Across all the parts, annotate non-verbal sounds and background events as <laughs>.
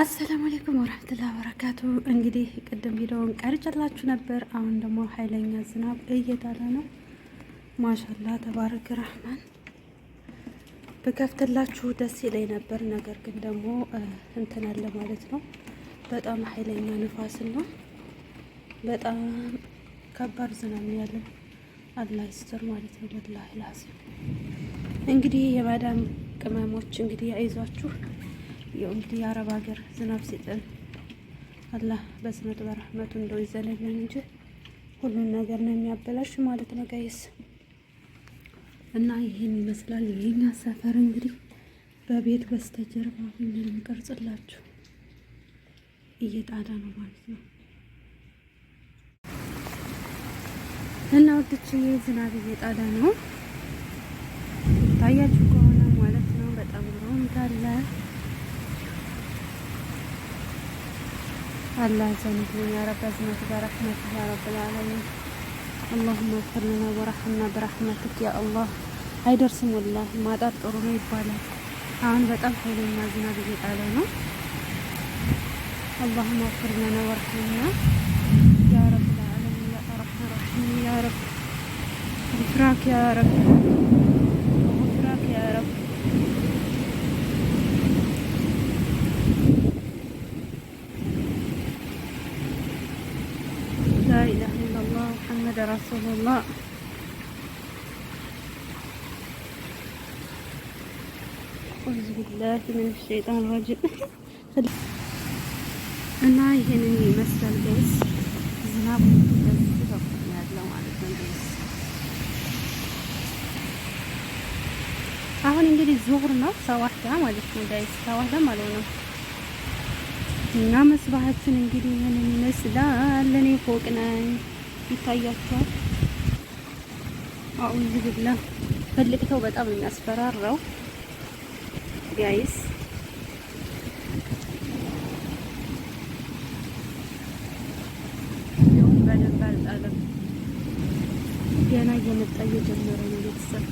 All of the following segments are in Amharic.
አሰላሙ አለይኩም ወረህመቱላሂ ወበረካቱ። እንግዲህ ቅድም ቪዲዮውን ቀርጬላችሁ ነበር። አሁን ደግሞ ኃይለኛ ዝናብ እየጣለ ነው። ማሻላ ተባረክ ረህማን። ብከፍትላችሁ ደስ ይለኝ ነበር፣ ነገር ግን ደግሞ እንትን አለ ማለት ነው። በጣም ኃይለኛ ንፋስና በጣም ከባድ ዝናብ ያለው አላህ ይስጥር ማለት ነው። ወላሂ ላዚም እንግዲህ የማዳም ቅመሞች እንግዲህ አይዟችሁ እንግዲህ የአረብ ሀገር ዝናብ ሲጥል አላህ በስመት በረህመቱ እንደው ይዘለልን እንጂ ሁሉን ነገር ነው የሚያበላሽ ማለት ነው ጋይስ። እና ይህን ይመስላል የኛ ሰፈር እንግዲህ በቤት በስተጀርባ ሁሉን ቀርጽላችሁ እየጣዳ ነው ማለት ነው። እና ወድች ዝናብ እየጣዳ ነው ታያችሁ ከሆነ ማለት ነው። በጣም ሮምታለ الله يجزاكم يا رب عزمتك برحمتك يا رب العالمين اللهم اغفر لنا ورحمنا برحمتك يا الله አይደርስም ወላሂ ማጣት ጥሩ ነው ይባላል። አሁን በጣም ኃይለኛ ዝናብ እየጣለ ነው። አላሁመ አፍር ለና ወርሐምና ያ ረብ ልዓለሚን ያ አርሐም ራሒም ያ ረብ ፍራክ ያ ረብ ላኢላሀ ሙሐመድ አዑዙ ቢላሂ ሚነ ሸይጣን ረጂም እና ይህንን ይመስላል ገይስ ማለት ነው አሁን እንግዲህ ዙሁር ነው ሰዋዳ ማለት ነው ጋይስ እና መስባሃችን እንግዲህ ምን ይመስላል። እኔ ፎቅ ነኝ ይታያቸዋል። አኡዝ ብላ ፈልቅተው በጣም የሚያስፈራራው ጋይስ ገና እየመጣ እየጀመረ ነው ቤተሰብ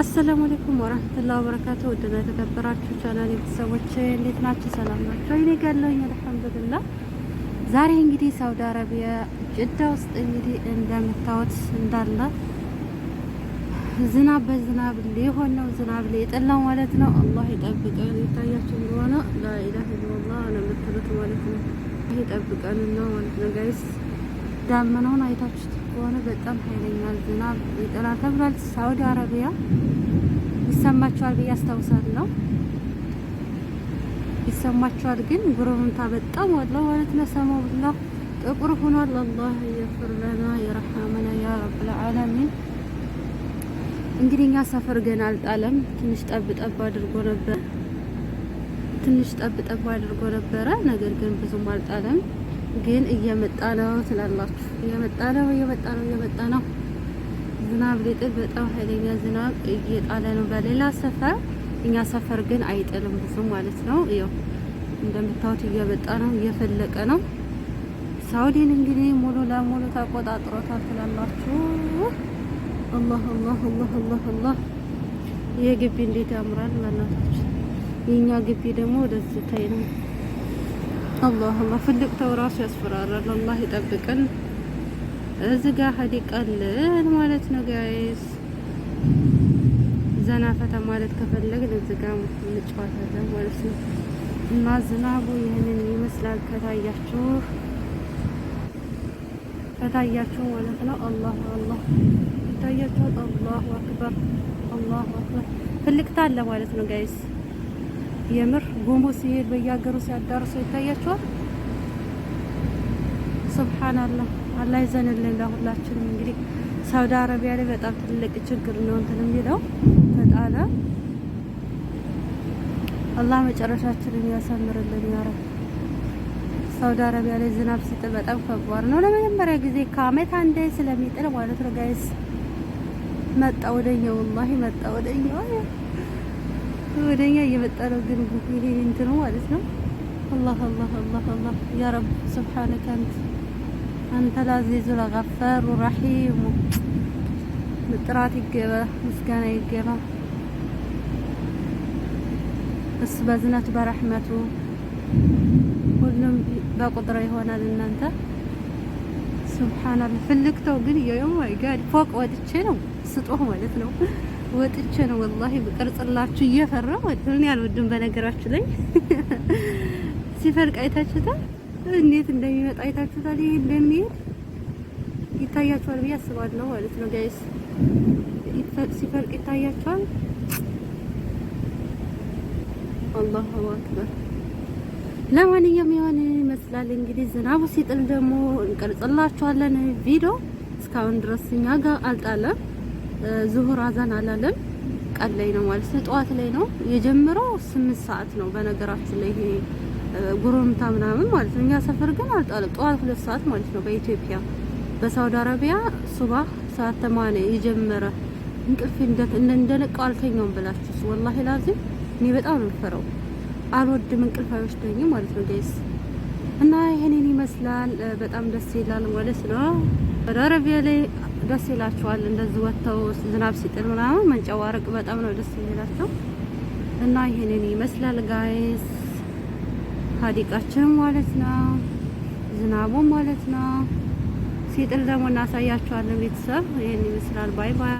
አሰላሙ አለይኩም ወራህመቱላሂ ወበረካቱ። ውድና የተከበራችሁ ቻናል ቤተሰቦች እንዴት ናችሁ? ሰላም ናችሁ? እኔ ጋር አልሐምዱሊላህ። ዛሬ እንግዲህ ሳውዲ አረቢያ ጅዳ ውስጥ እንግዲህ እንደምታዩት እንዳለ ዝናብ በዝናብ ሊሆን ነው። ዝናብ ሊጥለው ማለት ነው። አላህ ይጠብቀን። ይታያችሁ እንደሆነ ላኢላሀ ኢለላህ ነው የምትሉት ማለት ነው። ይጠብቀን ነው ማለት ነው ጋይስ። ዳመናውን አይታችሁት ከሆነ በጣም ኃይለኛ ዝናብ ይጥላል ተብሏል። ሳውዲ አረቢያ ይሰማቸዋል ብዬ አስታውሳለሁ። ይሰማቸዋል ግን ጉርምታ በጣም ወለው ማለት ነው። ሰማው ብላው ጥቁር ሆኗል። አላህ ይፍር ለና ይርሐመና ያ ረብል ዓለሚን። እንግዲህ እኛ ሰፈር ገና አልጣለም። ትንሽ ጠብ ጠብ አድርጎ ነበር ትንሽ ጠብ ጠብ አድርጎ ነበረ። ነገር ግን ብዙም አልጣለም። ግን እየመጣ ነው ትላላችሁ። እየመጣ ነው እየመጣ ነው እየመጣ ነው። ዝናብ ሊጥል በጣም ኃይለኛ ዝናብ እየጣለ ነው። በሌላ ሰፈር እኛ ሰፈር ግን አይጥልም ብዙ ማለት ነው። ይኸው እንደምታዩት እየመጣ ነው፣ እየፈለቀ ነው። ሳውዲን እንግዲህ ሙሉ ለሙሉ ተቆጣጥሮታል ትላላችሁ። አላህ አላህ አላህ አላህ አላህ። ይህ ግቢ እንዴት ያምራል በእናታችን! የእኛ ግቢ ደግሞ ወደዚህ ታይ ነው አላሁማ ፍልቅተው ራሱ ያስፈራራል። አላህ ይጠብቀን። እዚህ ጋር ሀዲቃለን ማለት ነው ጋይስ። ዘና ፈታ ማለት ከፈለግን እዚህ ጋር እንጫወታለን ማለት ነው። እና ዝናቡ ይህንን ይመስላል። ከታያችሁ ከታያችሁ ማለት ነው። አላሁ አላህ ይታያችኋል። አላሁ አክበር አላሁ አክበር። ፍልቅታ አለ ማለት ነው ጋይስ የምር ጉንቦት ሲሄድ በየሀገሩ ሲያዳርሰው ይታያቸዋል። ሱብሃንአላህ አላህ ይዘንልን ለሁላችንም። እንግዲህ ሳውዲ አረቢያ ላይ በጣም ትልቅ ችግር ነው እንትን የሚለው ተጣለ። አላህ መጨረሻችንን ያሳምርልን ያረብ። ሳውዲ አረቢያ ላይ ዝናብ ሲጥል በጣም ከባድ ነው። ለመጀመሪያ ጊዜ ከአመት አንዴ ስለሚጥል ማለት ነው። ጋይስ መጣ ወደኛው፣ ወላሂ መጣ ወደኛው። ወደኛ እየመጣ ነው። ግን ይሄ እንትኑ ማለት ነው። አላህ አላህ አላህ አላህ ያ ረብ ስብሓነከ አንተ አንተ ላዚዙ ለገፋሩ ረሒሙ ጥራት ይገባ፣ ምስጋና ይገባ። እሱ በዝነቱ በረሕመቱ ሁሉም በቁጥር ይሆናል። እናንተ ስብሓናላ ፍልግተው ግን የዮ ማይ ጋድ ፎቅ ወጥቼ ነው ስጦህ ማለት ነው ወጥቼ ነው ወላሂ ብቀርጽላችሁ እየፈራሁ እኔ አልወድም። በነገራችሁ ላይ <laughs> ሲፈርቅ አይታችሁታል፣ እንዴት እንደሚመጣ አይታችሁታል። ይሄ እንደሚሄድ ይታያችኋል ብዬ አስባለሁ ማለት ነው ጋይስ። ሲፈርቅ ይታያችኋል። አላሁ አክበር። ለማንኛውም የሆነ ይመስላል እንግዲህ ዝናቡ ሲጥል ደግሞ እንቀርጽላችኋለን ቪዲዮ። እስካሁን ድረስ እኛ ጋር አልጣለም። ዙሁር አዛን አላለም። ቀን ላይ ነው ማለት ነው፣ ጠዋት ላይ ነው የጀመረው። ስምንት ሰዓት ነው በነገራችን ላይ ይሄ ጉሩምታ ምናምን ማለት ነው። እኛ ሰፈር ግን አልጣለም። ጠዋት ሁለት ሰዓት ማለት ነው በኢትዮጵያ በሳውዲ አረቢያ ሱባህ ሰዓት ተማነ የጀመረ እንቅልፍ እንደት እንደ እንደነቀው አልተኛውም ብላችሁ ወላሂ ላዚም እኔ በጣም ነው ፈረው አልወድም እንቅልፍ አይወስደኝም ማለት ነው ጋይስ። እና ይሄንን ይመስላል በጣም ደስ ይላል ማለት ነው። ወደ አረቢያ ላይ ደስ ይላቸዋል። እንደዚህ ወጥተው ዝናብ ሲጥል ምናምን መንጨዋረቅ በጣም ነው ደስ የሚላቸው እና ይሄንን ይመስላል ጋይስ ሀዲቃችን ማለት ነው። ዝናቡ ማለት ነው ሲጥል ደግሞ እናሳያቸዋለን ቤተሰብ። ይሄን ይመስላል። ባይ ባይ